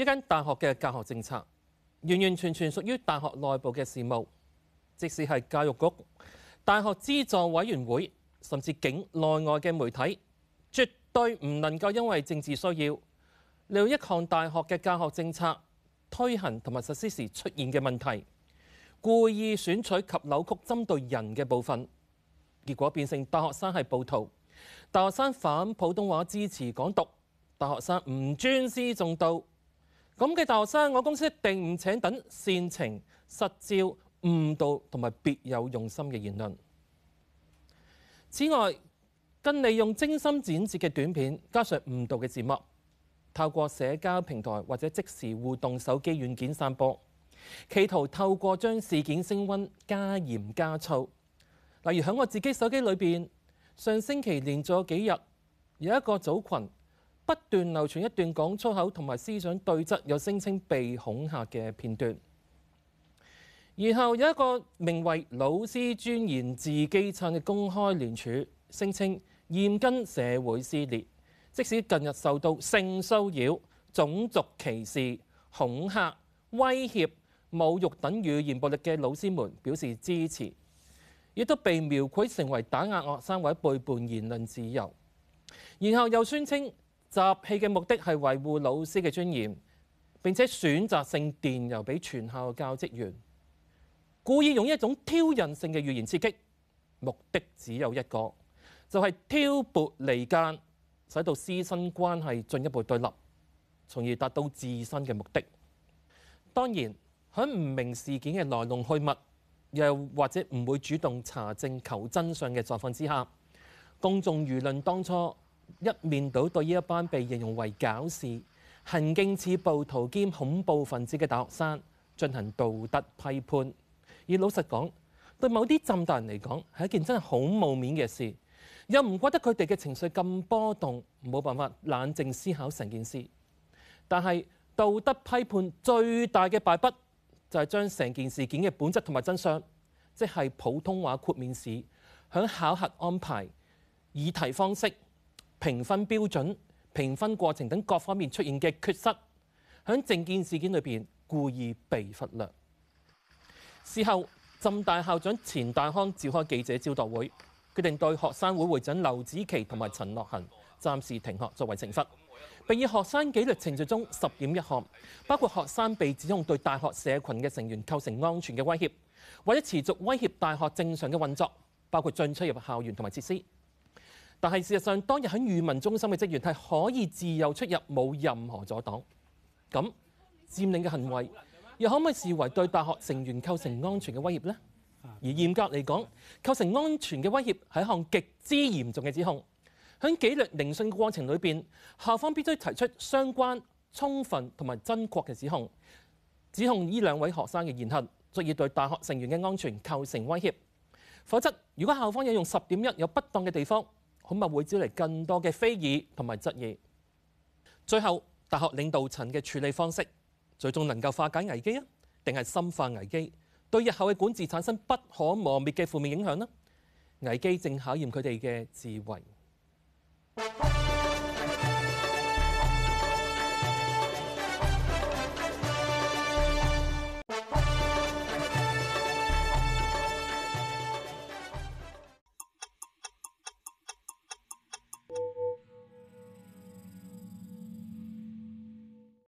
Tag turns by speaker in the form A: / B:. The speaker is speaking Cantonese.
A: 一間大學嘅教學政策完完全全屬於大學內部嘅事務，即使係教育局、大學資助委員會，甚至境內外嘅媒體，絕對唔能夠因為政治需要，利用一項大學嘅教學政策推行同埋實施時出現嘅問題，故意選取及扭曲針對人嘅部分，結果變成大學生係暴徒，大學生反普通話支持港獨，大學生唔尊師重道。咁嘅大學生，我公司一定唔請等煽情、實照、誤導同埋別有用心嘅言論。此外，更利用精心剪接嘅短片，加上誤導嘅字幕，透過社交平台或者即時互動手機軟件散播，企圖透過將事件升溫、加鹽加醋。例如喺我自己手機裏邊，上星期連續幾日有一個組群。不斷流傳一段講粗口同埋思想對質，又聲稱被恐嚇嘅片段。然後有一個名為老師尊嚴自己撐嘅公開聯署，聲稱現今社會撕裂，即使近日受到性騷擾、種族歧視、恐嚇、威脅、侮辱等語言暴力嘅老師們表示支持，亦都被描繪成為打壓學生、為背叛言論自由。然後又宣稱。集氣嘅目的係維護老師嘅尊嚴，並且選擇性電郵俾全校教職員，故意用一種挑釁性嘅語言刺激，目的只有一個，就係挑撥離間，使到師生關係進一步對立，從而達到自身嘅目的。當然喺唔明事件嘅來龍去脈，又或者唔會主動查證求真相嘅狀況之下，公眾輿論當初，一面倒對呢一班被形容為搞事、行徑似暴徒兼恐怖分子嘅大學生進行道德批判，而老實講，對某啲浸大人嚟講係一件真係好冇面嘅事，又唔覺得佢哋嘅情緒咁波動，冇辦法冷靜思考成件事。但係道德批判最大嘅敗筆就係、是、將成件事件嘅本質同埋真相，即係普通話豁免試響考核安排、議題方式。評分標準、評分過程等各方面出現嘅缺失，喺整件事件裏邊故意被忽略。事後，浸大校長錢大康召開記者招待會，決定對學生會會長劉子頎同埋陳樂行暫時停學作為懲罰，並以學生紀律程序中十點一項，包括學生被指控對大學社群嘅成員構成安全嘅威脅，或者持續威脅大學正常嘅運作，包括進出入校園同埋設施。但係事實上，當日喺語文中心嘅職員係可以自由出入，冇任何阻擋。咁佔領嘅行為又可唔可以視為對大學成員構成安全嘅威脅呢？而嚴格嚟講，構成安全嘅威脅係一項極之嚴重嘅指控。喺紀律聆訊嘅過程裏邊，校方必須提出相關充分同埋真確嘅指控，指控呢兩位學生嘅言行足以對大學成員嘅安全構成威脅。否則，如果校方引用十點一有不當嘅地方，咁咪會招嚟更多嘅非議同埋質疑。最後，大學領導層嘅處理方式最終能夠化解危機啊，定係深化危機，對日後嘅管治產生不可磨滅嘅負面影響呢？危機正考驗佢哋嘅智慧。